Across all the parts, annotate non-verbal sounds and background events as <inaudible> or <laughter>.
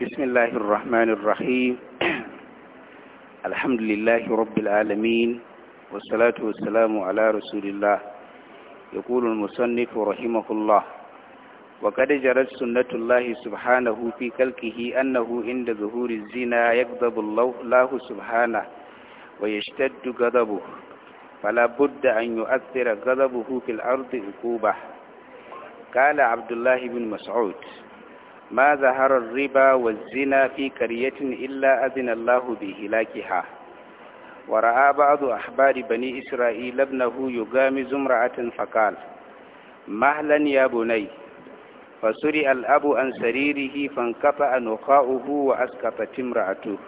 بسم الله الرحمن الرحيم الحمد لله رب العالمين والصلاة والسلام على رسول الله يقول المصنف رحمه الله وقد جرت سنة الله سبحانه في كلكه أنه عند ظهور الزنا يغضب الله سبحانه ويشتد غضبه فلا بد أن يؤثر غضبه في الأرض عقوبة قال عبد الله بن مسعود ما ظهر الربا والزنا في قرية إلا أذن الله بهلاكها ورأى بعض أحبار بني إسرائيل ابنه يجامز امرأة فقال مهلا يا بني فسرع الأب عن سريره فانقطع نخاؤه وأسقطت امرأته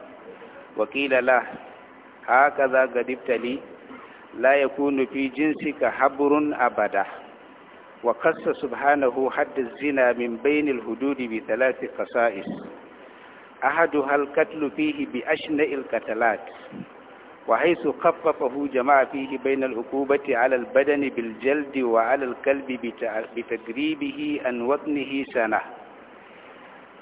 وقيل له هكذا قد لي لا يكون في جنسك حبر أبدا وقص سبحانه حد الزنا من بين الحدود بثلاث قصائص أحدها القتل فيه بأشنع القتلات وحيث خففه جمع فيه بين العقوبة على البدن بالجلد وعلى القلب بتقريبه عن وطنه سنة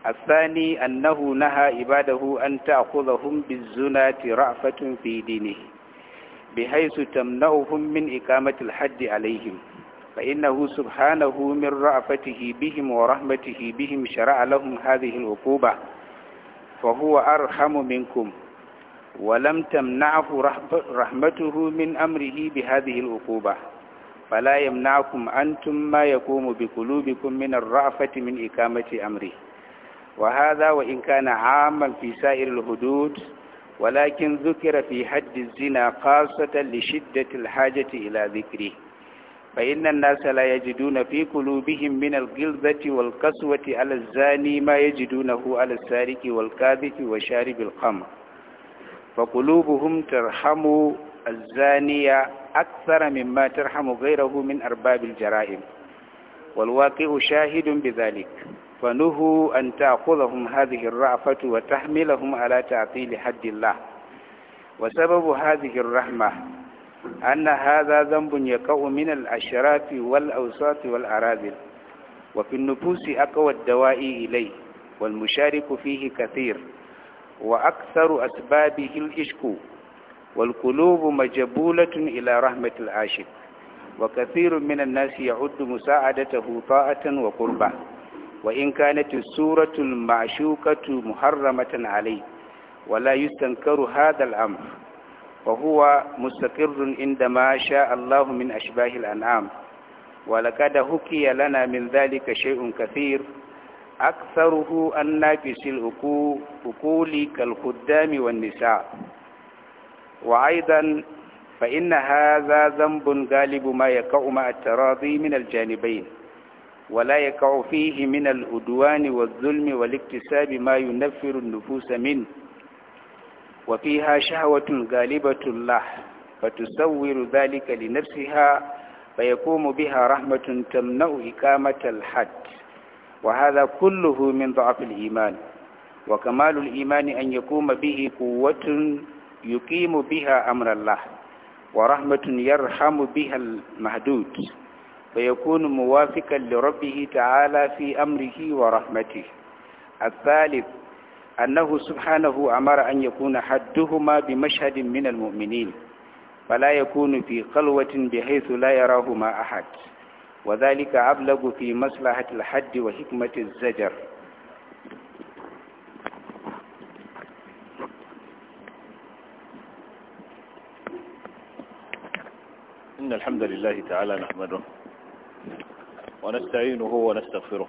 الثاني أنه نهى عباده أن تأخذهم بالزنا رأفة في دينه بحيث تمنعهم من إقامة الحد عليهم فإنه سبحانه من رأفته بهم ورحمته بهم شرع لهم هذه العقوبة فهو أرحم منكم ولم تمنعه رحمته من أمره بهذه العقوبة فلا يمنعكم أنتم ما يقوم بقلوبكم من الرأفة من إقامة أمره وهذا وإن كان عاما في سائر الحدود ولكن ذكر في حد الزنا خاصة لشدة الحاجة إلى ذكره فإن الناس لا يجدون في قلوبهم من الغلظة والقسوة على الزاني ما يجدونه على السارق والكاذب وشارب الخمر فقلوبهم ترحم الزانية أكثر مما ترحم غيره من أرباب الجرائم والواقع شاهد بذلك فنهوا أن تأخذهم هذه الرأفة وتحملهم على تعطيل حد الله وسبب هذه الرحمة أن هذا ذنب يقع من الأشراف والأوساط والأراذل وفي النفوس أقوى الدواء إليه والمشارك فيه كثير وأكثر أسبابه الإشك والقلوب مجبولة إلى رحمة العاشق وكثير من الناس يعد مساعدته طاعة وقربة وإن كانت السورة المعشوقة محرمة عليه ولا يستنكر هذا الأمر وهو مستقر عندما شاء الله من أشباه الأنعام ولقد هكي لنا من ذلك شيء كثير أكثره الناكس الأقول كالخدام والنساء وأيضا فإن هذا ذنب غالب ما يقع مع التراضي من الجانبين ولا يقع فيه من الأدوان والظلم والاكتساب ما ينفر النفوس منه وفيها شهوة غالبة الله فتصور ذلك لنفسها فيقوم بها رحمة تمنع إقامة الحد وهذا كله من ضعف الإيمان وكمال الإيمان أن يقوم به قوة يقيم بها أمر الله ورحمة يرحم بها المهدود فيكون موافقا لربه تعالى في أمره ورحمته الثالث أنه سبحانه أمر أن يكون حدهما بمشهد من المؤمنين فلا يكون في قلوة بحيث لا يراهما أحد وذلك أبلغ في مصلحة الحد وحكمة الزجر إن الحمد لله تعالى نحمده ونستعينه ونستغفره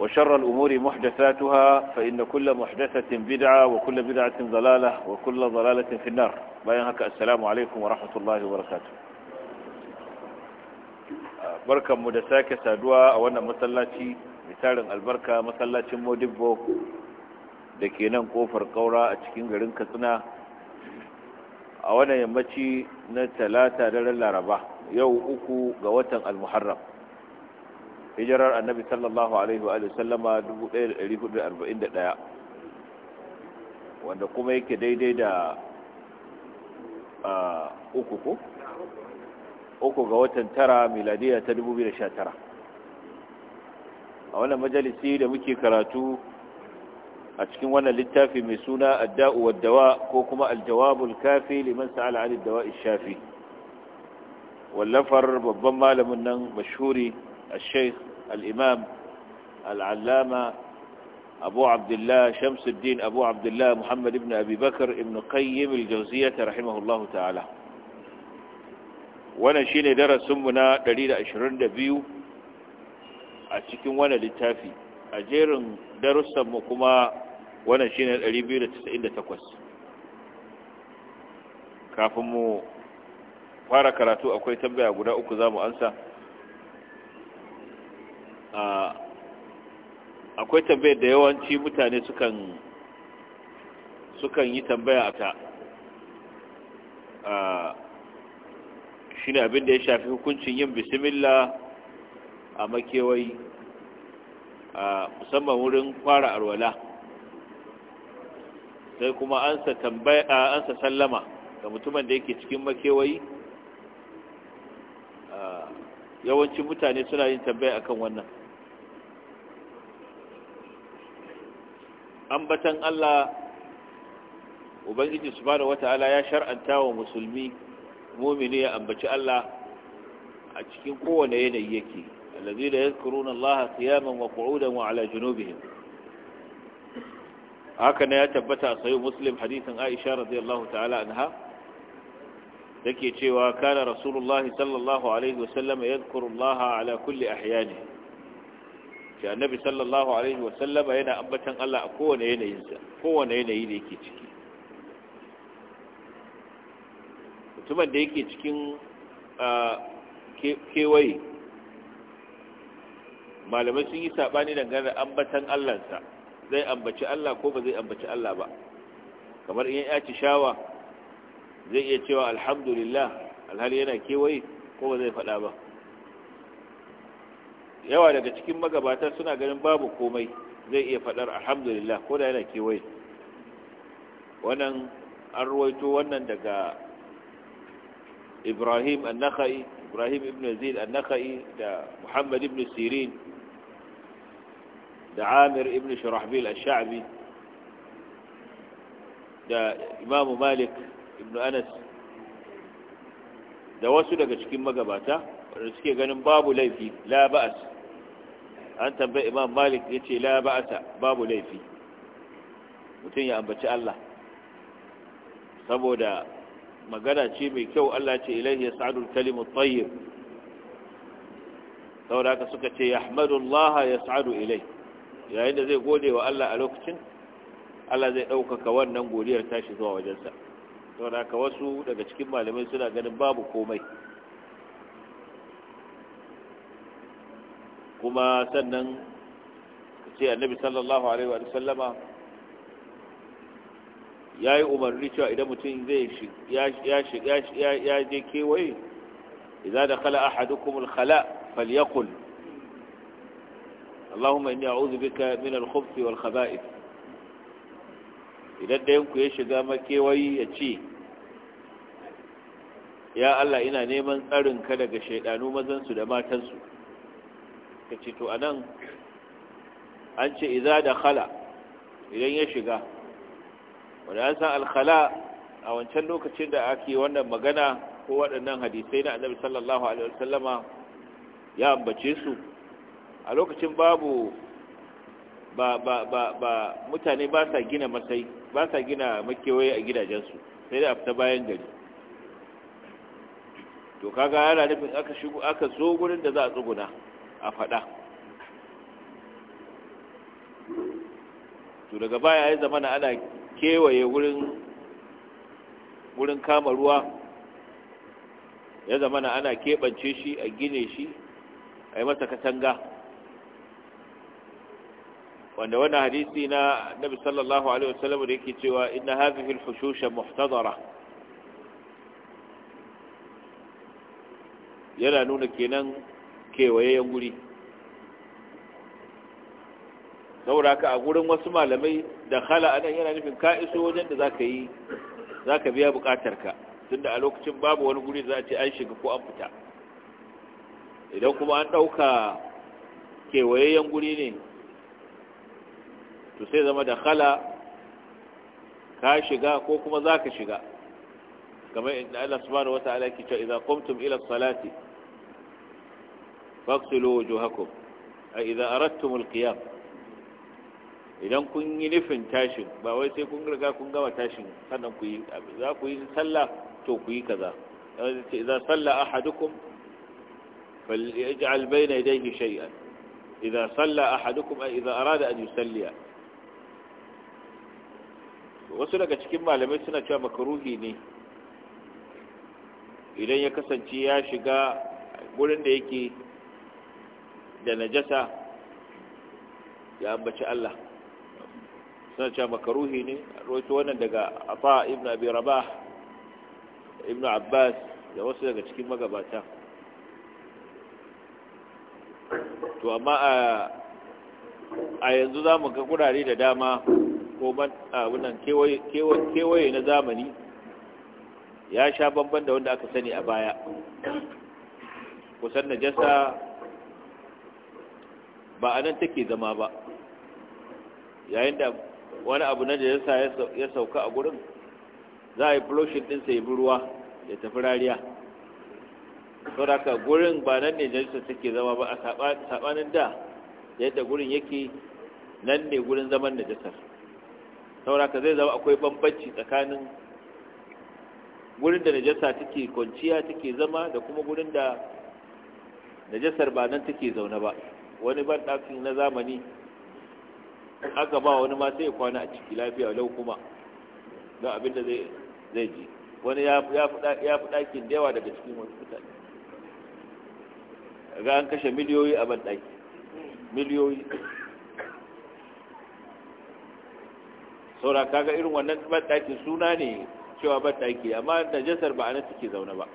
وشر الأمور محدثاتها فإن كل محدثة بدعة وكل بدعة ضلالة وكل ضلالة في النار بيانك السلام عليكم ورحمة الله وبركاته بركة مدساكة سادوا wannan مسلاتي misalin albarka masallacin modibbo da ke nan kofar kaura a cikin garin katsina a wannan yammaci na talata daren laraba yau uku ga watan almuharram hijirar annabi sallallahu alaihi wa sallama 1441 wanda kuma yake daidai da uh, uku ko uku ga watan tara miladiya ta 2019 a wannan majalisi da muke karatu a cikin wannan littafi mai suna adda'u waddawa ko kuma aljawabul kafi liman sa'ala 'ala ad-dawa'i shafi wallafar babban malamin nan mashhuri الشيخ الإمام العلامة أبو عبد الله شمس الدين أبو عبد الله محمد بن أبي بكر ابن قيم الجوزية رحمه الله تعالى wannan shine darasin mu na 122 a cikin wannan littafi a jerin darussan mu kuma wannan shine 298 kafin mu fara karatu akwai tambaya guda uku zamu ansa akwai tambayar da yawanci mutane sukan sukan yi tambaya a ta shi ne abinda ya shafi hukuncin yin bismillah a makewayi musamman wurin fara arwala sai kuma ansa sallama ga mutumin da yake cikin makewayi yawancin mutane suna yin tambaya akan wannan ambatan Allah ubangiji subhanahu wata'ala ya shar'anta wa musulmi mumini ya ambaci Allah a cikin kowane yanayi yake allazina yadhkuruna Allah qiyaman wa qu'udan wa ala junubihim haka ne ya tabbata a sayi muslim hadisin aisha radiyallahu ta'ala anha take cewa kana rasulullahi sallallahu alaihi wasallam yadhkurullaha ala kulli ahyanihi shi annabi sallallahu alaihi wa sallama yana ambatan Allah a kowane yanayin sa kowane yanayi da yake ciki mutumin da yake cikin kewaye malamai sun yi saɓani dangane da ambatan Allahnsa zai ambaci Allah ko ba zai ambaci Allah ba kamar in ya ci shawa zai iya cewa alhamdulillah alhali yana kewaye ko ba zai faɗa ba yawa daga cikin magabata suna ganin babu komai zai iya faɗar alhamdulillah ko da yana kewaye wannan an ruwaito wannan daga ibrahim annaka'i ibrahim ibn zid annaka'i da muhammad ibn sirin da amir ibn shirahbil al-sha'bi da imamu malik ibn anas da wasu daga cikin magabata wanda suke ganin babu laifi la ba'as an tambayi imam malik ya ce la ba'ata babu laifi mutum ya ambaci Allah saboda magana ce mai kyau Allah ce ilaihi ya sa'adu kalimu tayyib saboda haka suka ce ya Allah ya sa'adu ilai yayin da zai gode wa Allah a lokacin Allah zai ɗaukaka wannan godiyar tashi zuwa wajensa saboda haka wasu daga cikin malamai suna ganin babu komai kuma sannan ce annabi sallallahu alaihi wa sallama ya yi umarni cewa idan mutum zai ya je kewaye idan da kala ahadukumul khala falyakul اللهم إني أعوذ بك من الخبث والخبائث idan ɗayanku ya shiga makewayi ya ce ya Allah ina neman tsarinka daga shaidanu mazansu da matansu ka ce to a nan an ce iza da khala idan ya shiga wanda an san alkhala a wancan lokacin da ake wannan magana ko waɗannan hadisai na annabi sallallahu alaihi wasallama ya ambace su a lokacin babu ba ba ba ba mutane ba sa gina masai ba sa gina makewaye a gidajensu sai da afta bayan gari to kaga yana nufin aka shigo aka zo gurin da za a tsuguna a faɗa to daga baya ya zama na ana kewaye wurin kama ruwa ya zama na ana keɓance shi a gine shi a yi masa katanga wanda wannan hadisi na nabi sallallahu alaihi wasallam da yake cewa inna hadhihi al-hushusha muhtadara yana nuna kenan kewayayen guri saboda ka a gurin wasu malamai da khala anan yana nufin ka iso wajen da zaka yi zaka biya bukatarka tunda a lokacin babu wani guri za a ce an shiga ko an fita idan kuma an dauka kewayayen guri ne to sai zama da khala ka shiga ko kuma zaka shiga kamar inda Allah subhanahu wataala yake cewa idza qumtum ila salati فاغسلوا وجوهكم أي إذا أردتم القيام idan kun yi nufin tashin ba wai sai kun riga kun gama tashin sannan ku yi za ku yi sallah to ku yi kaza idza salla ahadukum فليجعل بين يديه شيئا إذا صلى أحدكم إذا أراد أن يسلي wasu daga cikin malamai suna cewa makaruhi ne idan ya kasance ya shiga gurin da yake da najasa ya ambaci Allah suna cewa makaruhi ne roƙi wannan daga afa ibn abi rabah ibn abbas da wasu daga cikin magabata to amma a yanzu za mu ga gurare da dama ko wannan kewaye na zamani ya sha bambam da wanda aka sani a baya kusan najasa ba a nan take zama ba yayin da wani abu na da ya sauka a gurin za a yi floshin ɗinsa ya bi ruwa ya tafi rariya sauraka gurin ba nan ne najasa take zama ba a saɓanin da yadda gurin yake nan ne gurin zaman najasar sauraka zai zama akwai bambanci tsakanin gurin da najasa take kwanciya take zama da kuma gurin da najasar ba nan take zaune ba wani banɗaki na zamani aka ba wani ma sai ya kwana a ciki lafiya lau kuma don abin da zai ji wani ya fi ɗakin da yawa daga cikin wasu mutane ga an kashe miliyoyi a banɗaki miliyoyi saura kaga irin wannan ɗakin suna ne cewa banɗaki amma najasar ba a nan suke zaune ba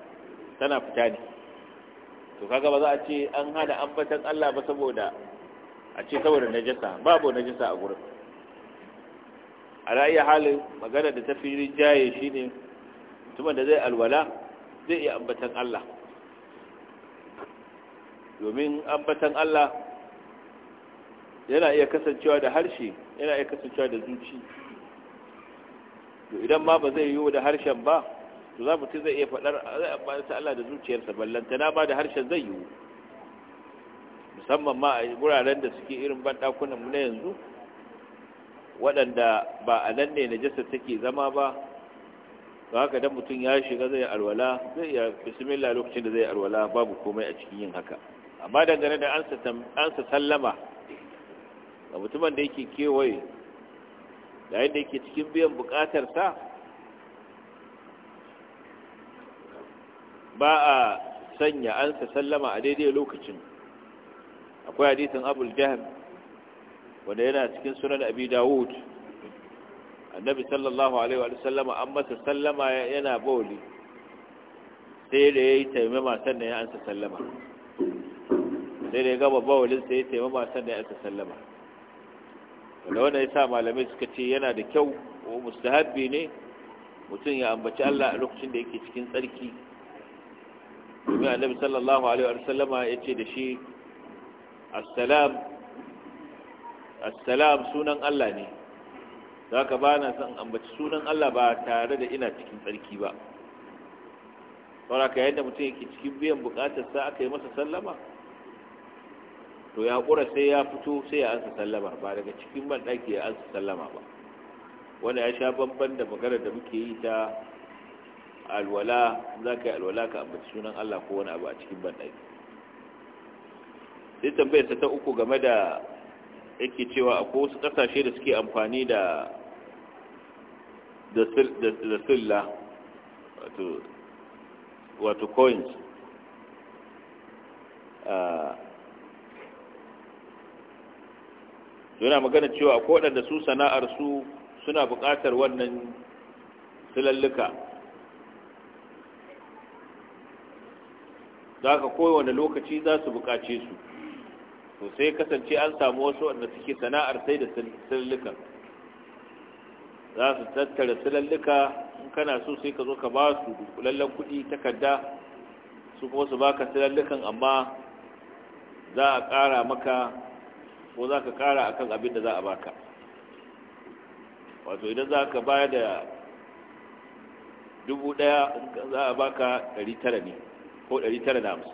tana fita ne to kaga ba za a ce an hana ambatan Allah ba saboda a ce saboda najasa babu najasa a gurin a ra'ayi halin magana da ta jaye shine mutumin da zai alwala zai iya ambatan Allah domin ambatan Allah yana iya kasancewa da harshe yana iya kasancewa da zuci to idan ma ba zai yiwu da harshen ba to za mutum zai iya faɗar zai Allah da zuciyarsa ballanta na ba da harshen zai yiwu musamman ma a wuraren da suke irin banɗakunanmu na yanzu waɗanda ba a nan ne najasa take zama ba ba haka dan mutum ya shiga zai alwala zai iya bismillah lokacin da zai alwala babu komai a cikin yin haka amma dangane da ansa sallama ga mutumin da yake kewaye da yadda yake cikin biyan bukatarsa ba a sanya ansa sallama a daidai lokacin akwai hadisin abul jahm wanda yana cikin sunan abi dawud annabi sallallahu alaihi wa sallama an masa sallama yana bauli sai da yayi taimama sannan ya ansa sallama sai da ya gaba bawalin sai ya taimama sannan ya ansa sallama wanda wanda ya sa malamai suka ce yana da kyau ko mustahabbi ne mutum ya ambaci Allah a lokacin da yake cikin tsarki domin annabi sallallahu alaihi wa sallama ya ce da shi assalam assalam sunan Allah ne za ka ba na son ambaci sunan Allah ba tare da ina cikin tsarki ba saura ka yadda mutum yake cikin biyan sa aka yi masa sallama to ya ƙura sai ya fito sai ya ansa sallama ba daga cikin banɗaki ya ansa sallama ba wanda ya sha bamban da maganar da muke yi ta alwala za ka yi alwala ka ambaci sunan Allah ko wani abu a cikin banɗaki sai tambayar ta uku game da yake cewa a wasu ƙasashe da suke amfani da da silla wato wato coins yana magana cewa akwai waɗanda su sana'ar su suna buƙatar wannan silalluka za ka kowane lokaci za su buƙace su to sai kasance an samu wasu wanda suke sana'ar sai da silalluka za su tattara silalluka in kana so sai ka zo ka ba su dukulallen kuɗi takarda su kuma su baka silallukan amma za a ƙara maka ko za ka ƙara akan abin da za a baka wato idan za ka bayar da dubu ɗaya za a baka ɗari tara ne ko 950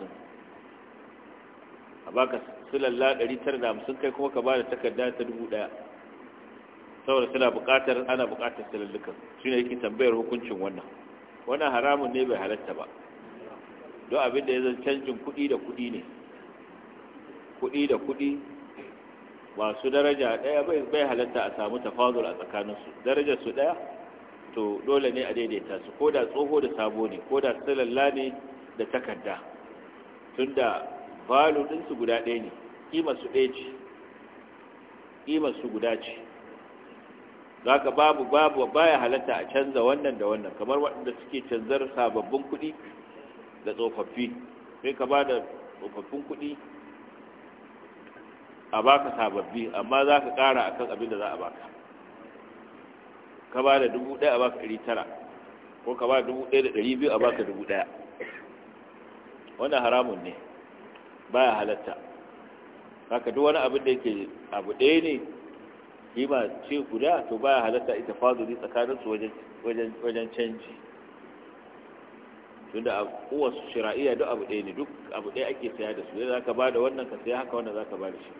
a baka silalla 950 kai kuma ka ba da takarda ta 1000 saboda suna bukatar ana buƙatar silallukan shi ne yake tambayar hukuncin wannan wannan haramun ne bai halatta ba don abin da ya zan canjin kuɗi da kuɗi ne kuɗi da kuɗi masu daraja ɗaya bai halatta a samu tafazul a tsakaninsu darajar su ɗaya to dole ne a daidaita su ko da tsoho da sabo ne ko da silalla ne da takarda tunda valo ɗinsu guda ɗaya ne ƙimarsu ɗaya ce ƙimarsu guda ce za ka babu babu baya halatta a canza wannan da wannan kamar waɗanda suke canzar sababbin kuɗi da tsofaffi sai ka ba da tsofaffin kuɗi a baka sababbi amma za ka ƙara a kan abin da za a baka ka ba da dubu ɗaya a baka ɗari tara ko ka ba da dubu ɗaya da ɗari biyu a baka dubu ɗaya wannan haramun ne ba ya halatta haka duk wani abin da yake abu ɗaya ne kima ce guda to ba ya halatta ita faduri tsakaninsu wajen canji tunda a kowace shira'iya duk abu ɗaya ne duk abu ɗaya ake saya da su yadda za ka ba da wannan ka saya haka wannan za ka ba da shi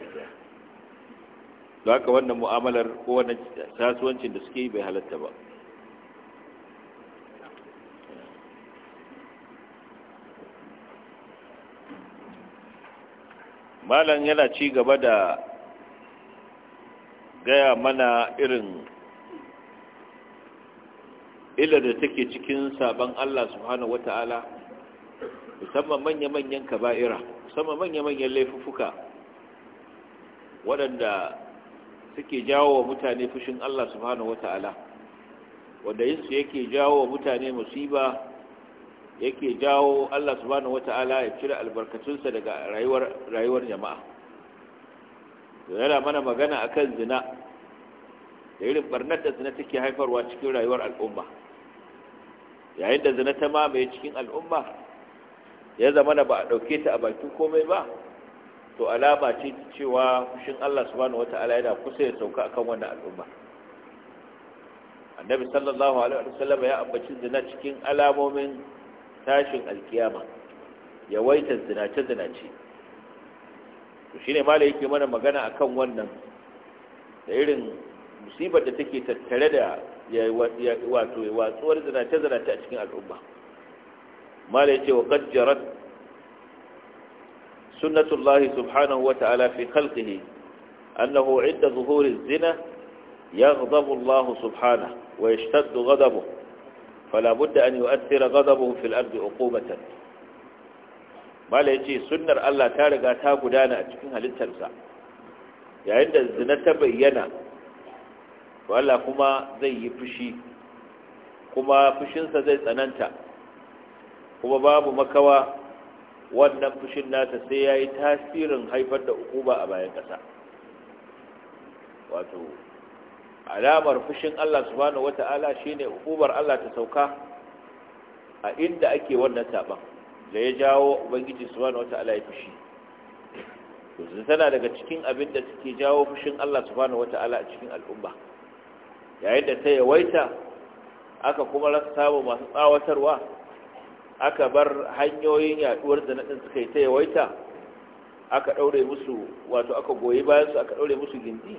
da haka wannan mu'amalar ko wannan kasuwancin da suke yi bai halatta ba malam yana ci gaba da gaya mana irin ila da take cikin sabon Allah subhanahu wata'ala musamman manya-manyan kaba'ira musamman manya-manyan laifuffuka waɗanda suke jawo wa mutane fushin Allah subhanahu wata'ala wanda yinsu yake jawo wa mutane musiba yake jawo Allah subhanahu wata'ala ya cire albarkatunsa daga rayuwar jama'a to yana mana magana akan zina da irin barnar da zina take haifarwa cikin rayuwar al'umma yayin da zina ta mamaye cikin al'umma ya zama da ba a ɗauke ta a bakin komai ba to alama ce cewa fushin Allah subhanahu wata'ala yana kusa ya sauka akan wannan al'umma annabi sallallahu alaihi wasallam ya ambaci zina cikin alamomin tashin alkiyama yawaita zinace zinace to shine mala yake mana magana akan wannan da irin musibar da take tattare da wato watsuwar zinace zinace a cikin al'umma mala yake wa qajjarat sunnatu llahi subhanahu wa ta'ala fi khalqihi annahu 'inda zuhuri az yaghdabu llahu subhanahu wa yashtaddu غضبه fala budda an yu'athira ghadabuhu fil ardi uqubatan mala yace sunnar Allah ta riga ta gudana a cikin halittarsa yayin da zina ta bayyana to Allah kuma zai yi fushi kuma fushinsa zai tsananta kuma babu makawa wannan fushin nata sai yayi tasirin haifar da ukuba a bayan ƙasa wato alamar fushin Allah subhanahu wata'ala shine hukumar Allah ta sauka a inda ake wannan saban da ya jawo ubangiji subhanahu wata'ala ya fushi to tana daga cikin abin da suke jawo fushin Allah subhanahu wata'ala a cikin al'umma yayin da ta yawaita aka kuma rasa samu masu tsawatarwa aka bar hanyoyin yaduwar nadin suka yi ta yawaita aka daure musu wato aka goyi bayan su aka daure musu gindi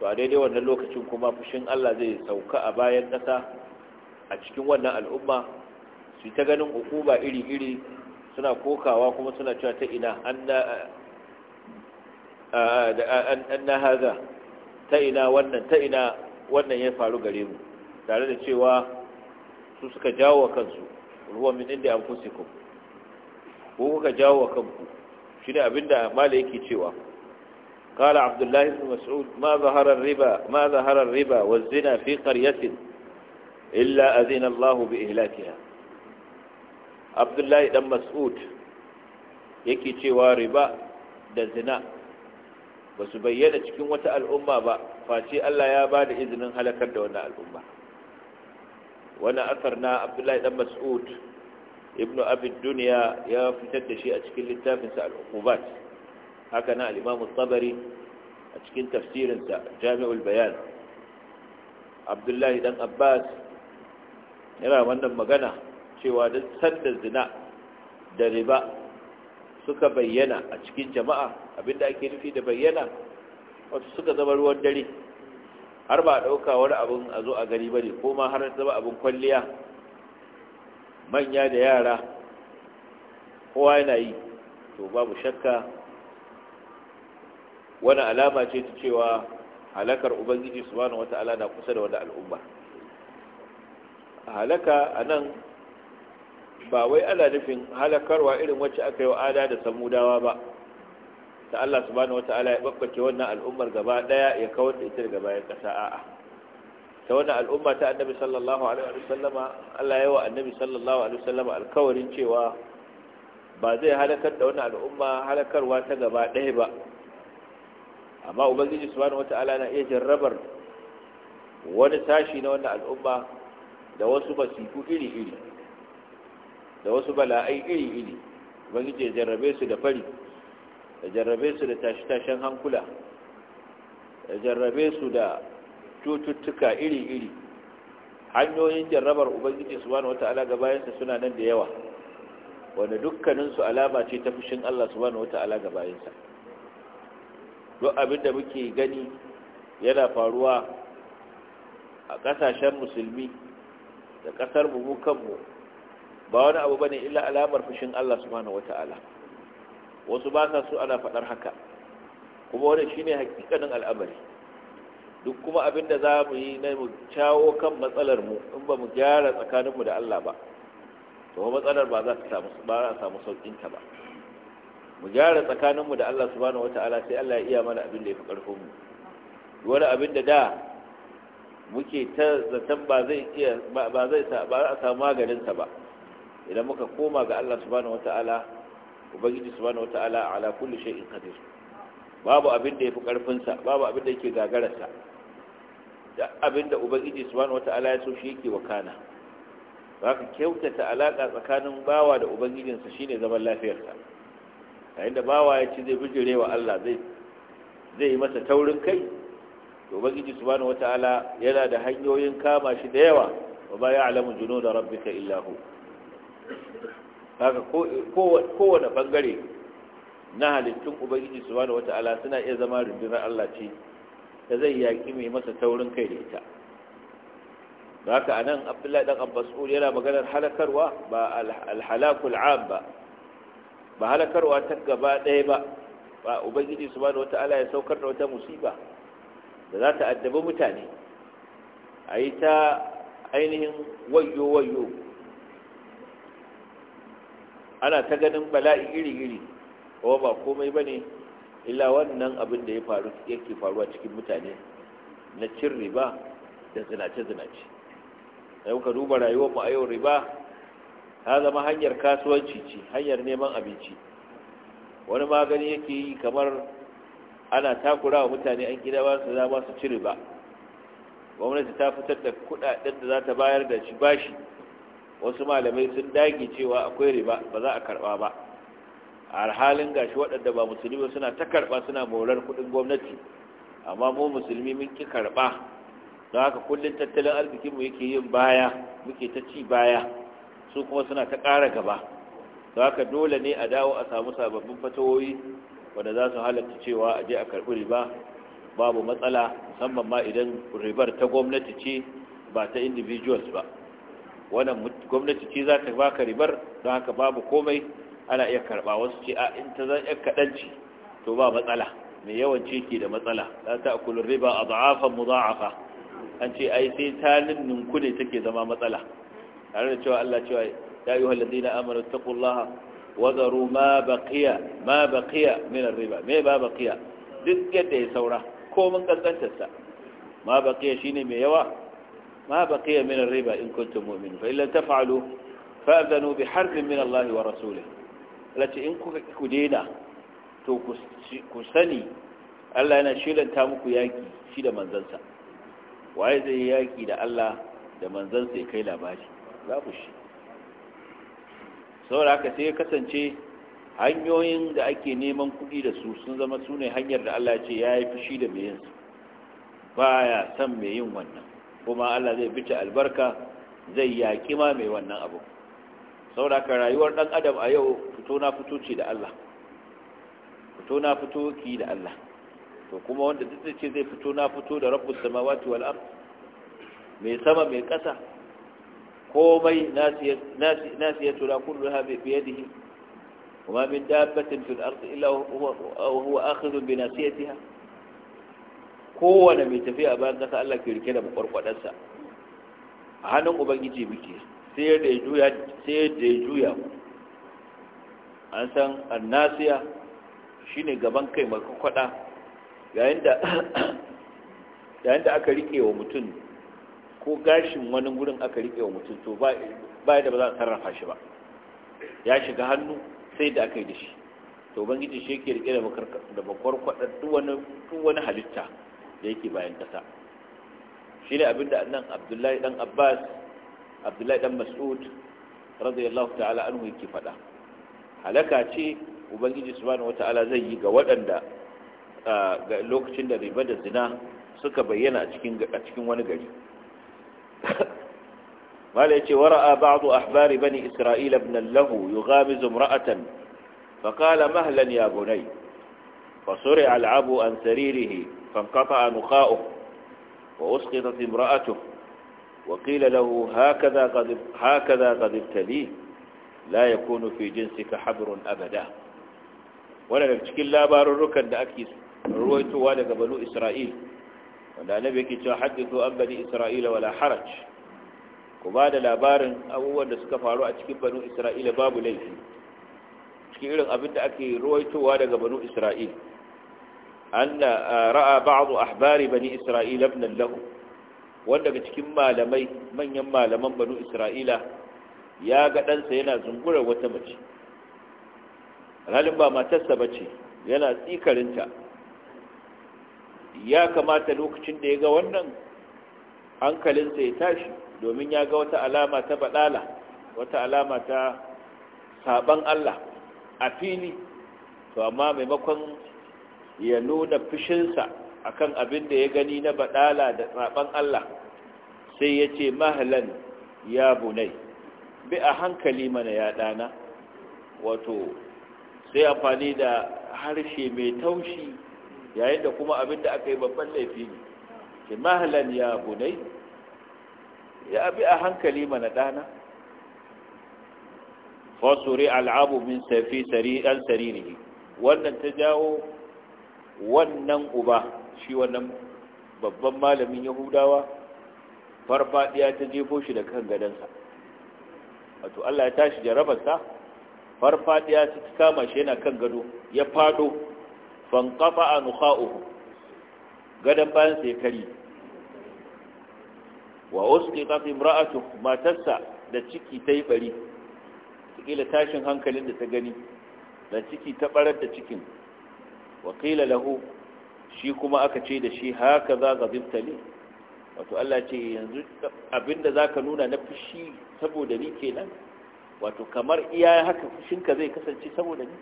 to a daidai wannan lokacin kuma fushin Allah zai sauka a bayan ƙasa a cikin wannan al'umma su ta ganin hukuma iri-iri suna kokawa kuma suna cewa ta ina an na haza ta ina wannan ta ina wannan ya faru gare mu tare da cewa su suka jawo wa kansu ruwan min inda an ku ko kuka jawo wa kanku shi ne abinda mala yake cewa قال عبد الله بن مسعود ما ظهر الربا ما ظهر الربا والزنا في قرية إلا أذن الله بإهلاكها عبد الله بن مسعود yake cewa riba da zina ba su bayyana cikin wata al'umma ba face Allah ya ba da izinin halakar da wannan al'umma Wani asar na abdullahi dan mas'ud ibnu abid duniya ya fitar da shi a cikin littafinsa al'uqubat haka na Alimamu Sabari a cikin tafsirinsa jami'ul bayan abdullahi dan abbas yana wannan magana cewa duk sanda zina da riba suka bayyana a cikin jama'a abinda ake nufi da bayyana wasu suka zama ruwan dare har ba a ɗauka wani abin a zo a gani ba ne ko ma har zama abin kwalliya manya da yara kowa yana yi to babu shakka wani alama ce ta cewa halakar ubangiji subhanahu wata'ala na kusa da wani al'umma halaka a nan ba wai ana nufin halakarwa irin wacce aka yi ada da samudawa ba ta Allah subhanahu wata'ala ya babbace wannan al'ummar gaba daya ya kawar da ita daga bayan kasa a'a ta wannan al'umma ta annabi sallallahu alaihi wa wasallama Allah ya wa annabi sallallahu alaihi wa wasallama alkawarin cewa ba zai halakar da wannan al'umma halakarwa ta gaba daya ba amma ubangiji subhanahu wata'ala na iya jarrabar wani sashi na wannan al'umma da wasu basifu iri-iri da wasu bala'ai iri-iri ubangiji ya jarrabe su da fari ya jarrabe su da tashi-tashen hankula ya jarrabe su da cututtuka iri-iri hanyoyin jarrabar ubangiji subhanahu wata'ala ga bayansa suna nan da yawa wanda dukkaninsu alama ce ta fushin Allah subhanahu wata'ala ga bayansa duk abin da muke gani yana faruwa a kasashen musulmi da ƙasar mu kanmu ba wani abu bane illa alamar fushin Allah subhanahu wata'ala wasu ba sa so ana faɗar haka kuma wani shine hakikanin al'amari duk kuma abin da za mu yi na mu cawo kan matsalar mu in ba mu gyara tsakaninmu da Allah ba to matsalar ba za ta samu ba za ta samu saukin ta ba mu gyara tsakaninmu da Allah subhanahu wata'ala sai Allah ya iya mana abin da ya fi ƙarfinmu wani abin da da muke ta zaton ba zai iya ba zai ba a samu maganinsa ba idan muka koma ga Allah subhanahu wata'ala ubangiji subhanahu wata'ala ala kulli shay'in qadir babu abin da ya fi ƙarfinsa babu abin da yake gagararsa da abin da ubangiji subhanahu wata'ala ya so shi yake wakana Baka kyautata alaƙa tsakanin bawa da ubangijinsa shine zaman lafiyarsa A da bawa ya ci zai bijire wa Allah zai zai yi masa taurin kai to ubangiji subhanahu wataala yana da hanyoyin kama shi da yawa wa ba ya juno da rabbika illa hu haka kowane bangare na halittun ubangiji subhanahu wataala suna iya zama rundunar Allah ce da zai yaki mai masa taurin kai da ita da haka anan abdullahi dan abbas yana maganar halakarwa ba alhalakul am ba ba halakarwa ta gaba ɗaya ba ba ubangiji wata ala ya saukar da wata musiba da za ta addabi mutane a yi ta ainihin wayo wayo ana ta ganin bala'i iri-iri kuma ba komai ba ne illa wannan abin da ya faru yake faruwa cikin mutane na cin riba da zinace-zinace da yau ka duba rayuwar mu a yau riba ta zama hanyar kasuwanci ce hanyar neman abinci wani magani yake yi kamar ana takurawa mutane an gida ba su dama su cire ba gwamnati ta fitar da kudaden da za ta bayar da shi bashi wasu malamai sun dage cewa akwai riba ba za a karba ba a halin gashi waɗanda ba musulmi suna ta karba suna morar kudin gwamnati amma mu musulmi mun ki karba don haka kullum tattalin arzikinmu yake yin baya muke ta ci baya su kuma suna ta ƙara gaba za haka dole ne a dawo a samu sababbin fatawoyi wanda za su halatta cewa a je a karɓi riba babu matsala musamman ma idan ribar ta gwamnati ce ba ta individuals ba wannan gwamnati ce za ta baka ribar don haka babu komai ana iya karɓa wasu ce a in ta zan to ba matsala mai yawan ce ke da matsala za ta akulun riba a za'afan mu za'afa an ce ai sai ta ninninku ne take zama matsala tare da cewa Allah cewa ya yi wallazi na amanu taqullaha wa zaru ma baqiya ma baqiya min riba me ba baqiya duk yadda ya saura ko mun kankantar sa ma baqiya shine mai yawa ma baqiya min riba in kuntum mu'minin fa illa taf'alu fa adanu bi harbin min Allah wa rasulih lati in kuka ku dena to ku sani Allah yana shirinta muku yaki shi da manzansa waye zai yaki da Allah da manzansa ya kai labari babu shi saboda haka sai ya kasance hanyoyin da ake neman kuɗi da su sun zama su ne hanyar da Allah ce ya yi fushi da mai yinsu ba ya son mai yin wannan kuma Allah zai bice albarka zai yaƙi ma mai wannan abu saboda haka rayuwar ɗan adam a yau fito na fito ce da Allah fito na fito ki da Allah to kuma wanda duk ce zai fito na fito da rabbus samawati wal ard mai sama mai ƙasa komai nasiyatu la kulluha bi yadihi وما من دابة في الأرض إلا وهو آخذ بناسيتها kowane mai tafiya bayan kasa Allah ke rike da makwarkwadarsa a hannun ubangiji muke sai da ya juya sai da ya juya an san annasiya shine gaban kai makwarkwada yayin da <coughs> yayin da aka rike wa mutum ko gashin wani gurin aka riƙe wa mutum to ba da ba za a sarrafa shi ba ya shiga hannu sai da aka yi da shi to ubangiji shi yake riƙe da bakwar kwaɗa wani halitta da yake bayan ƙasa shi ne abinda nan abdullahi dan abbas abdullahi dan mas'ud radiyallahu ta'ala anhu yake faɗa halaka ce ubangiji subhanahu wata'ala zai yi ga waɗanda ah, ga lokacin da riba da zina suka bayyana a cikin wani gari <laughs> قال ورأى بعض أحبار بني إسرائيل isra'ila له يغامز امرأة فقال مهلا يا بني فصرع العب عن سريره فانقطع نخاؤه وأسقطت امرأته وقيل له هكذا قد, هكذا قد ابتليه لا يكون في جنسك حبر أبدا ولا نفتكي الله بار الركن دا أكيس رويتو لك بنو إسرائيل wanda annabi yake cewa haddithu an bani isra'ila wala haraj ku ba da labarin abubuwan da suka faru a cikin banu isra'ila babu laifi cikin irin abin da ake ruwaitowa daga banu isra'ila an ra'a ba'adu ahbari bani isra'ila ibn lahu wanda ga cikin malamai manyan malaman banu isra'ila ya ga ɗansa yana zungurar wata mace alhalin ba matarsa ba ce yana tsikarinta ya kamata lokacin da ya ga wannan hankalinsa ya tashi domin ya ga wata alama ta baɗala wata alama ta saban Allah a fili to amma maimakon ya nuna fushinsa akan abin da ya gani na baɗala da saban Allah sai ya ce mahalan ya bunai bi a hankali mana ya ɗana wato sai amfani da harshe mai taushi yayin da kuma abin da aka yi babban laifi ne ki mahalan ya bunai ya abi a hankali mana dana fasuri al'abu min safi sari dan saririhi wannan ta jawo wannan uba shi wannan babban malamin yahudawa farfadiya ta jefo shi da kan gadansa wato Allah ya tashi jarabarsa farfadiya ta kama shi yana kan gado ya fado fankafa a nuka uku. gadon bayan sai kari wa uski kafin ra'atu matarsa da ciki ta yi bari kila tashin hankalin da ta gani da ciki ta barar da cikin wakila lahu shi kuma aka ce da shi haka za ga ziftali wato Allah ce yanzu abinda za ka nuna na fushi saboda ni kenan wato kamar iya haka fushinka zai kasance saboda ni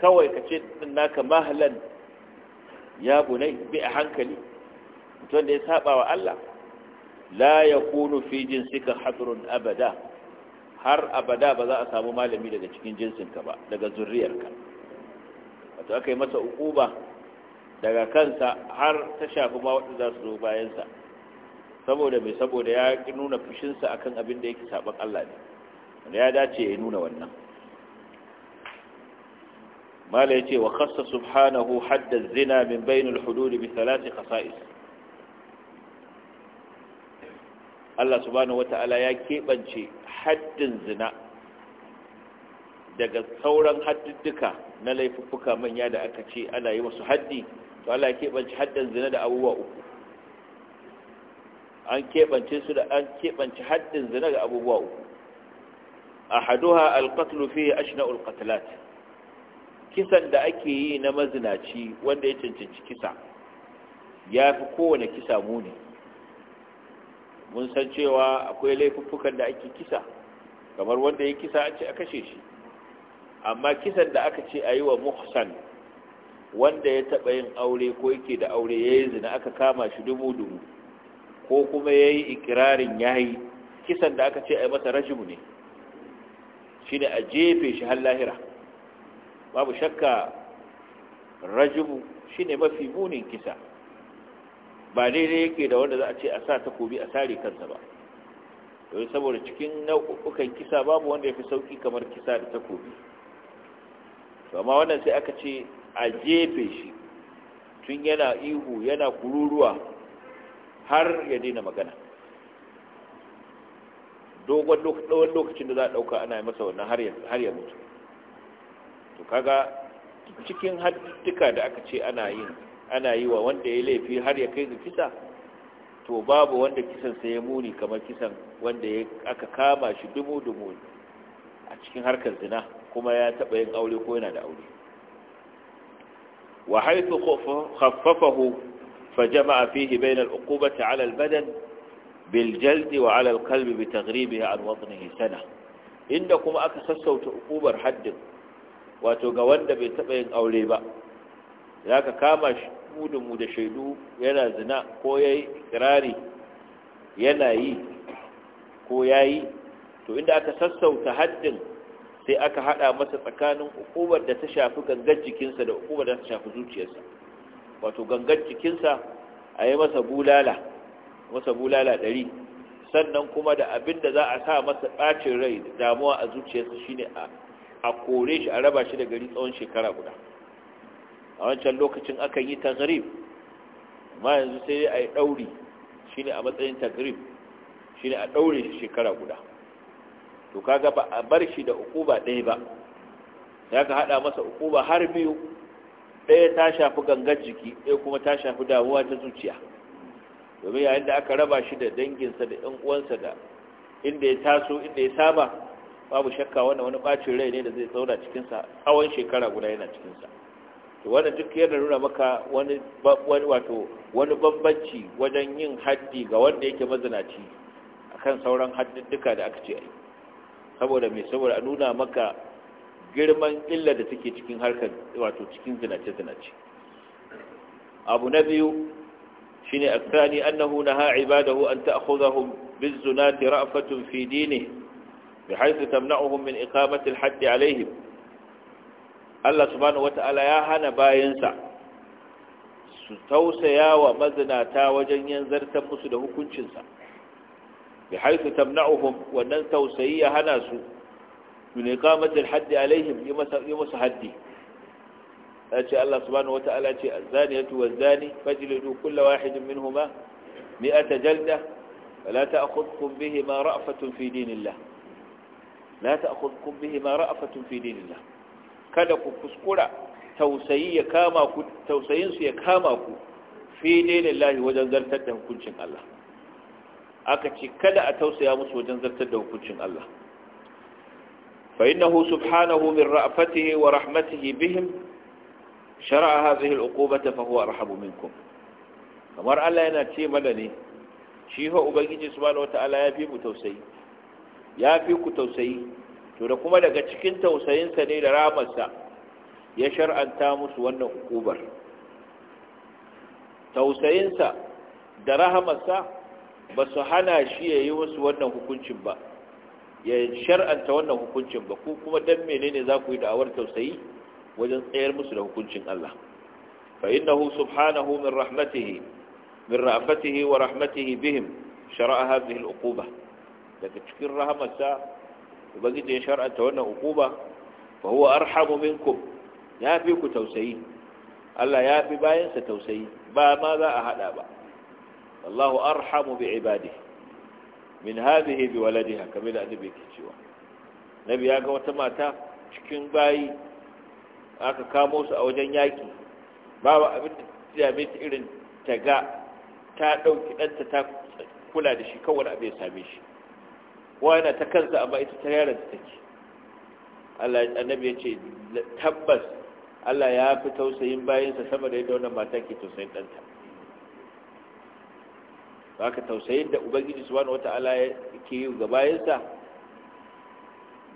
kawai ka ce din naka mahalan ya bunai bi a hankali mutum da ya saba wa Allah la kunu fi jinsika hadrun abada har abada ba za a samu malami daga cikin jinsinka ba daga zurriyarka wato aka yi masa ukuba daga kansa har ta shafi ma waɗanda za su zo bayansa saboda mai saboda ya nuna fushinsa akan abin da yake saban Allah ne wanda ya dace ya nuna wannan mala ya ce wa khassa subhanahu hadda zina min bainul hududi bi salati khasa'is Allah subhanahu wata'ala ya keɓance haddin zina daga sauran haddudduka na laifuffuka manya da aka ce ana yi wasu haddi to Allah ya keɓance haddin zina da abubuwa uku an keɓance su da an keɓance haddin zina da abubuwa uku A ahaduha alqatlu fihi ashna'ul qatlat kisan da ake yi na mazinaci wanda ya cancanci kisa ya fi kowane kisa muni mun san cewa akwai laifuffukan da ake kisa kamar wanda ya kisa an ce a kashe shi amma kisan da aka ce a yi wa muhsan wanda ya taɓa yin aure ko yake da aure ya yi zina aka kama shi dubu-dubu ko kuma ya yi ikirarin ya yi kisan da aka ce a yi masa rashimu ne shi ne a jefe shi har lahira babu shakka rajimu shine mafi munin kisa ba daidai yake da wanda za a ce a sa takobi a sare kansa ba domin saboda cikin nau'ukan kisa babu wanda ya fi sauki kamar kisa da takobi amma wannan sai aka ce a jefe shi tun yana ihu yana kururuwa har ya daina magana dogon lokacin da za a ɗauka ana masa wannan har ya mutu to kaga cikin haddika da aka ce ana yin ana yi wa wanda ya laifi har ya kai ga kisa to babu wanda kisan sa ya muni kamar kisan wanda ya aka kama shi dubu dumu a cikin harkar zina kuma ya taba yin aure ko yana da aure wa haythu khaffafahu fajama'a fihi bayna al-uqubati 'ala al-badan bil jald wa 'ala al-qalbi bi taghribihi an watnihi sana inda kuma aka sassauta uqubar haddin wato ga wanda bai taɓa yin aure ba za ka kama shi da shaidu yana zina ko ya yi yana yi ko ya yi to inda aka sassauta haddin sai aka hada masa tsakanin hukumar da ta shafi gangar jikinsa da hukumar da ta shafi zuciyarsa wato gangar jikinsa a yi masa bulala masa bulala ɗari sannan kuma da abin da za a sa masa ɓacin rai da damuwa a zuciyarsa shine a a kore shi a raba shi da gari tsawon shekara guda a wancan lokacin aka yi tagrib amma yanzu sai dai a yi ɗauri shi ne a matsayin tagrib shi ne a ɗaure shi shekara guda to kaga ba a bar shi da ukuba ɗaya ba ya ka haɗa masa ukuba har biyu ɗaya ta shafi gangar jiki ɗaya kuma ta shafi damuwa ta zuciya domin yayin da aka raba shi da danginsa da ɗan uwansa da inda ya taso inda ya saba babu shakka wannan wani bacin rai ne da zai zauna cikinsa tsawon shekara guda yana cikinsa to wannan duk yana nuna maka wani wato wani bambanci wajen yin haddi ga wanda yake mazinaci akan sauran haddudduka da aka ce ai saboda me saboda a nuna maka girman illa da take cikin harkar wato cikin zinace zinace abu na biyu shine aksani annahu naha ibadahu an ta'khudhahum bizunati ra'fatun fi dinihi bihaisu tamna'uhum min iqamati al-hadd alaihim Allah subhanahu wata'ala ya hana bayansa su tausaya wa mazinata wajen yin zartar musu da hukuncinsa bihaisu tamna'uhum wannan tausayi ya hana su min iqamati al-hadd alaihim yi musu haddi ya ce Allah subhanahu wa ta'ala ce azaniyatu wazani fajlidu kulla wahidin minhuma mi'ata jalda wala ta'khudhukum bihima ra'fatun la ta'khudhukum bihima ra'fatun fi dinillah kada ku kuskura tausayi ya kama ku tausayin su ya kama ku fi dinillahi wajen zartar da hukuncin Allah aka ce kada a tausaya musu wajen zartar da hukuncin Allah fa innahu subhanahu min ra'fatihi wa rahmatihi bihim shara'a hadhihi al'uqubata fa huwa arhamu minkum kamar Allah yana ce mana ne shi fa ubangiji subhanahu wata'ala ya fi mu tausayi ya fi ku tausayi to da kuma daga cikin tausayinsa ne da ramarsa ya shar'anta musu wannan hukubar tausayinsa da rahamarsa ba su hana shi ya yi wasu wannan hukuncin ba ya shar'anta wannan hukuncin ba ku kuma dan menene za ku yi da'awar tausayi wajen tsayar musu da hukuncin Allah fa innahu subhanahu min rahmatihi min ra'fatihi wa rahmatihi bihim shara'a hadhihi al-uquba daga cikin rahamarsa ubangiji ya shar'anta wannan hukuma fa huwa arhamu minkum ya fi ku tausayi Allah ya fi bayansa tausayi ba ma za a hada ba wallahu arhamu bi ibadi min hadhihi bi waladiha kamar da annabi yake cewa nabi ya ga wata mata cikin bayi aka kamo su a wajen yaki babu abin da ya mai irin ta ga ta dauki danta ta kula da shi kawai abin ya same shi kowa yana ta kansa amma ita ta yaran ta take Allah annabi ya ce tabbas Allah ya fi tausayin bayansa sama da yadda wannan mata ke tausayin ɗanta ka tausayin da ubangiji su subhanahu wata'ala yake yi ga bayansa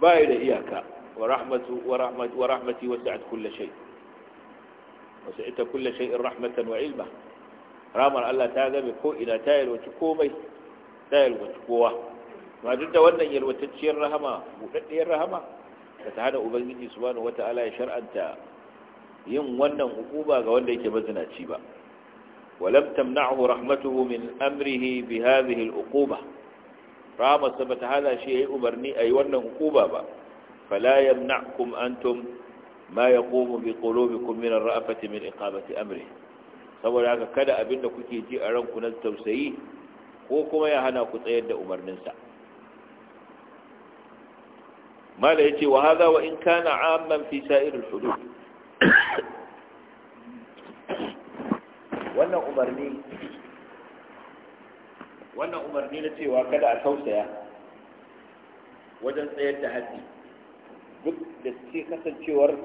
bai da iyaka wa rahmatu wa rahmatu wa rahmati wasi'at kulli shay wasi'at kulli shay'in rahmatan wa ilma ramar Allah ta game ko ina ta yarwaci komai ta yarwaci kowa ma da wannan yalwatacciyar rahama buɗaɗɗiyar rahama da hana ubangiji subhanahu wata'ala ya shar'anta yin wannan hukuma ga wanda yake mazinaci ba walam tamna'hu rahmatuhu min amrihi bi hadhihi al-uquba rahama sabata hada shi yayi umarni ayi wannan ukuba ba fala yamna'kum antum ma yaqumu bi qulubikum min ar-ra'fati min iqamati amri saboda haka kada abinda kuke ji a ranku na tausayi ko kuma ya hana ku tsayar da umarninsa mala yace wa hadha wa in kana amman fi sa'ir al-hudud wannan wannan umarni na cewa kada a tausaya wajen tsayar da haddi duk da ce kasancewar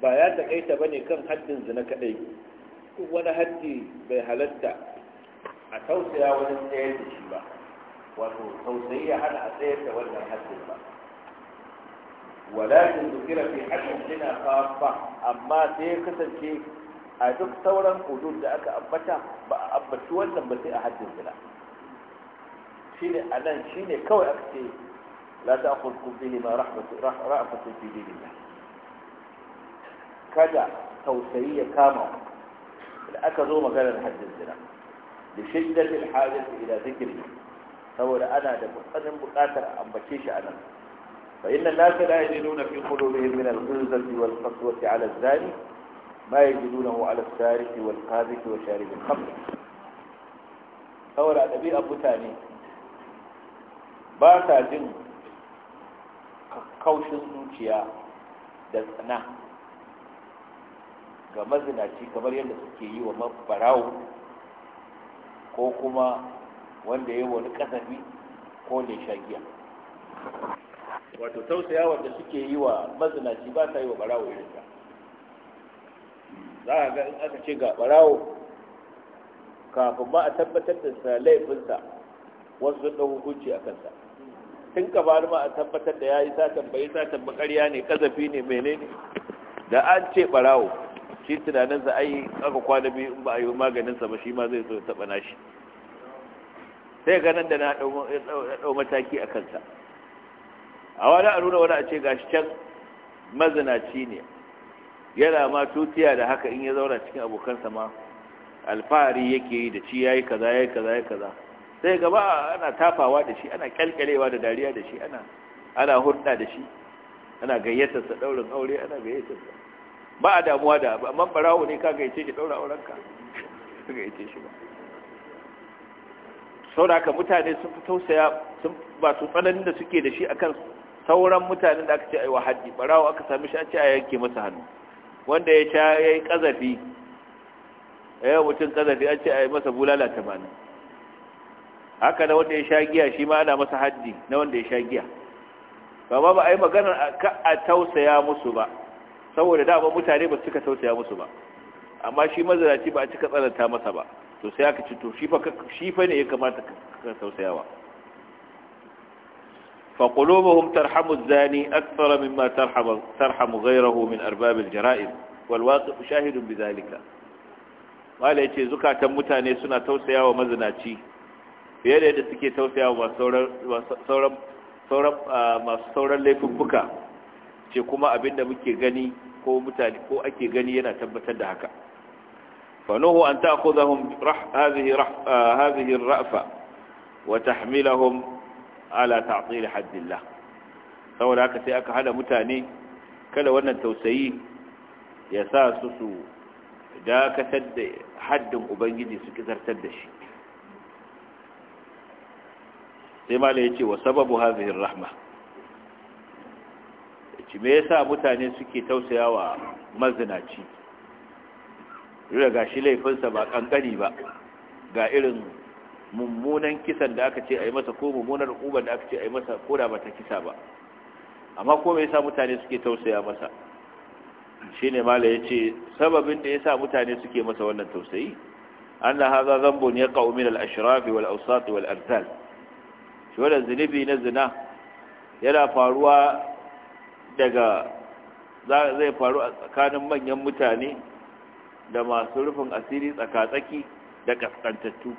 ba ya takaita ba ne kan haddin zina kadai duk wani haddi bai halatta a tausaya wajen tsayar da shi ba wato tausayi ya hana a tsayar da wannan haddin ba walakin zukira fi haƙƙina kafa amma sai ya kasance a duk sauran hudud da aka ambata ba a ambaci wannan ba sai a haddin zina shine anan shine kawai aka ce la ta'khudhukum bihi ma rahmatun fi dinillah kada tausayi ya kama da aka zo maganar haddin zina da shiddatil hajati ila saboda ana da buƙatar buƙatar ambace shi nan. فإن الناس لا يجدون في قلوبهم من الغلظة والقسوة على الزاني ما يجدونه على السارق والقاذف وشارب الخمر saboda ɗabi'ar mutane ba sa jin kaushin zuciya da tsana ga mazinaci kamar yadda suke yi wa mabarawo ko kuma wanda ya yi wani kasafi ko ne shagiya wato tausaya wanda suke yi wa mazinaci ba ta yi wa barawo ta, za a ga in aka ce ga barawo kafin ba a tabbatar da laifinsa wasu sun ɗan hukunci a kansa tun ka ba ma a tabbatar da ya yi satan bai satan bakariya ne kazafi ne menene da an ce barawo shi tunaninsa ai aka kwana biyu in ba a yi maganinsa ba shi ma zai so ya taɓa nashi sai ganin da na ɗau mataki a kansa a wani a nuna wani a ce gashi can mazinaci ne yana ma tutiya da haka in ya zauna cikin abokansa ma alfahari yake yi da ci ya yi kaza ya yi kaza ya kaza sai gaba ana tafawa da shi ana kyalkyalewa da dariya da shi ana ana da shi ana gayyatar sa ɗaurin aure ana gayyatar sa. ba a damuwa da amma barawo ne ka gayyace shi ɗaura aurenka ka gayyace shi ba saboda haka mutane sun fi tausaya sun ba su tsananin da suke da shi akan sauran mutanen da aka ce ai wa haddi barawo aka sami shi a ce a yanke masa hannu wanda ya sha ya yi ƙazafi ya mutum ƙazafi a ce a yi masa bulala ta bani haka na wanda ya sha giya shi ma ana masa haddi na wanda ya sha giya ba ba ba a yi maganar a tausaya musu ba saboda dama mutane ba su tausaya musu ba amma shi mazalaci ba a cika tsananta masa ba to sai aka ci to shi fa ne ya kamata ka tausayawa فقلوبهم ترحم الزاني أكثر مما ترحم, ترحم غيره من أرباب الجرائم والواقع شاهد بذلك قال يتي زكاة متاني سنة توسيا ومزناتي في يد سكي توسيا وصورا masu sauran laifuffuka ce kuma abinda muke gani ko ake gani yana tabbatar da haka fanuhu an ta'khudhahum hadhihi hadhihi ar-ra'fa wa tahmilahum ala ta'til haddillah saboda haka sai aka hada mutane kada wannan tausayi ya sa su su dakatar da haddin ubangiji su kizartar da shi sai mala ya ce wa sababu hazihin rahma ci me yasa mutane suke tausaya wa mazinaci daga shi laifinsa ba kankani ba ga irin mummunan kisan da aka ce a yi masa ko mummunar uban da aka ce a yi masa ko da bata kisa ba amma ko me yasa mutane suke tausaya masa shine mala yace sababin da yasa mutane suke masa wannan tausayi anna hadha dhanbun yaqa'u min al-ashraf wal awsat wal arzal shi wannan zunubi na zina yana faruwa daga zai faru a tsakanin manyan mutane da masu rufin asiri tsakatsaki da kaskantattu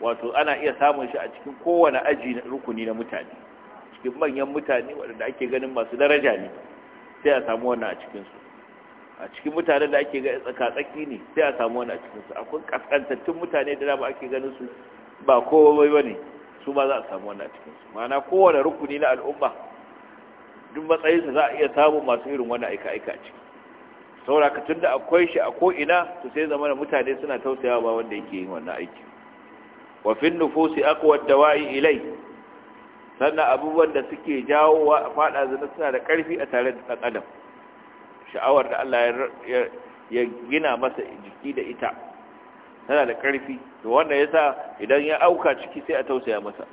wato ana iya samun shi a cikin kowane aji rukuni na mutane cikin manyan mutane waɗanda ake ganin masu daraja ne sai a samu wannan a cikinsu a cikin mutanen da ake ganin tsakatsaki ne sai a samu wannan a cikinsu akwai kaskantattun mutane da ba ake ganin su ba kowa ba ne su ma za a samu wannan a cikinsu ma'ana kowane rukuni na al'umma duk matsayinsa za a iya samun masu irin wannan aika-aika a ciki saboda ka tun da akwai shi a ko'ina to sai zama da mutane suna tausayawa ba wanda yake yin wannan aiki wa fi nufusi aqwa dawa'i ilai sannan abubuwan da suke jawo wa fada zina suna da karfi a tare da dan adam sha'awar da Allah ya gina masa jiki da ita tana da karfi to wanda yasa idan ya auka ciki sai a tausaya masa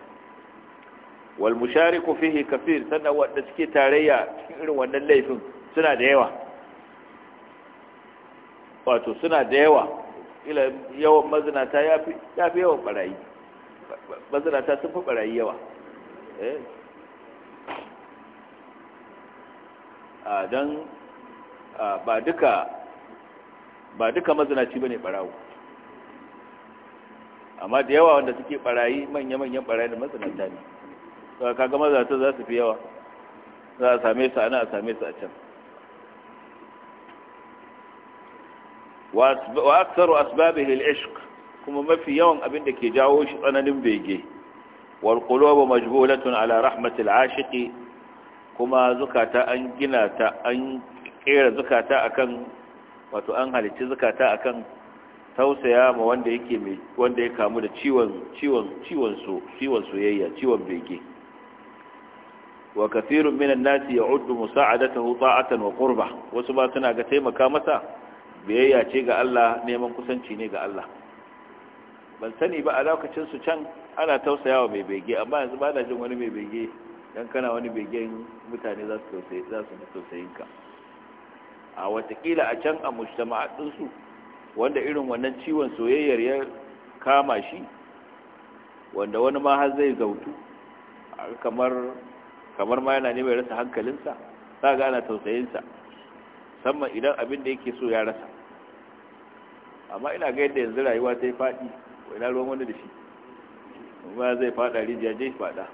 wal mushariku fihi kafir sannan wanda suke tarayya cikin irin wannan laifin suna da yawa wato suna da yawa ila yawan mazinata ya fi yawan barayi mazinata sun fi barayi yawa eh. a don ba duka ba duka mazinaci ba ne barawo amma da yawa wanda suke barayi manya-manyan barayi da mazinata ne sau kaga mazinata za su fi yawa za a same su ana a same su a can wa aksaru asbabihi al-ishq kuma mafi yawan abin da ke jawo shi tsananin bege wal qulubu majbulatun ala rahmatil ashiqi kuma zukata an gina ta an kera zukata akan wato an halicci zukata akan tausaya ma wanda yake mai wanda ya kamu da ciwon ciwon ciwon so ciwon soyayya ciwon bege wa kathirun minan nasi ya'uddu musa'adatahu ta'atan wa qurba wasu ba suna ga taimaka masa biyayya ce ga Allah neman kusanci ne ga Allah ban sani ba a lokacin su can ana tausayawa mai bege amma yanzu ba na jin wani mai bege dan kana wani begen mutane za su tausayin ka a watakila a can a a su wanda irin wannan ciwon soyayyar ya kama shi wanda wani ma har zai zautu kamar kamar ma yana ne rasa hankalinsa za ga ana tausayinsa musamman idan abin da yake so ya rasa amma ina ga yadda yanzu rayuwa ta yi faɗi ina ruwan wani da shi ba zai faɗa rijiya je faɗa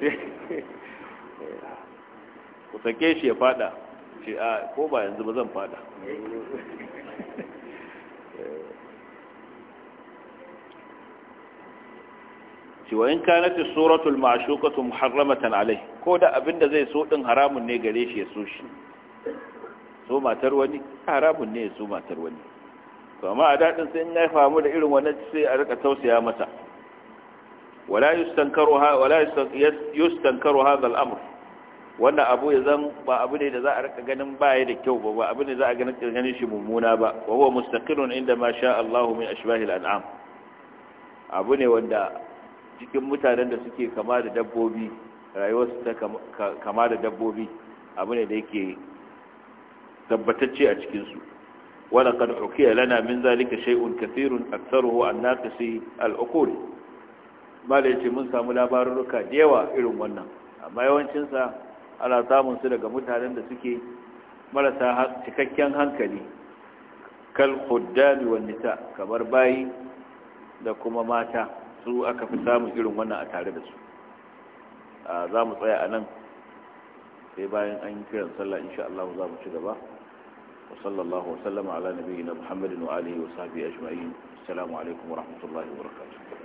<laughs> ku sake shi ya faɗa ce a ko ba yanzu ba zan faɗa ce <laughs> wa in kanata suratul ma'ashukatu muharramatan alai ko da abin da zai so din haramun ne gare shi ya so shi so matar wani haramun ne so matar wani to amma a dadin sai in ya famu da irin wannan sai a rika tausaya masa wala yustankaru ha wala yustankaru hadha al-amr wannan abu ya zan ba abu ne da za a rika ganin baya da kyau ba ba abu ne za a ganin ganin shi mummuna ba wa huwa mustaqirun inda ma sha Allahu min ashbahil an'am abu ne wanda cikin mutanen da suke kama da dabbobi su ta kama da dabbobi abu ne da yake tabbatacce a cikinsu wala kad hukiya lana min zalika shay'un kathirun aktharuhu an naqisi al-uqul yace mun samu labarurruka da yawa irin wannan amma yawancin sa ana samun su daga mutanen da suke marasa cikakken hankali kal khuddami wa nisa kamar bayi da kuma mata su aka fi samun irin wannan a tare da su za mu tsaya a nan sai bayan an yi kiran sallah insha Allah za mu ci gaba وصلى الله وسلم على نبينا محمد وآله وصحبه أجمعين السلام عليكم ورحمة الله وبركاته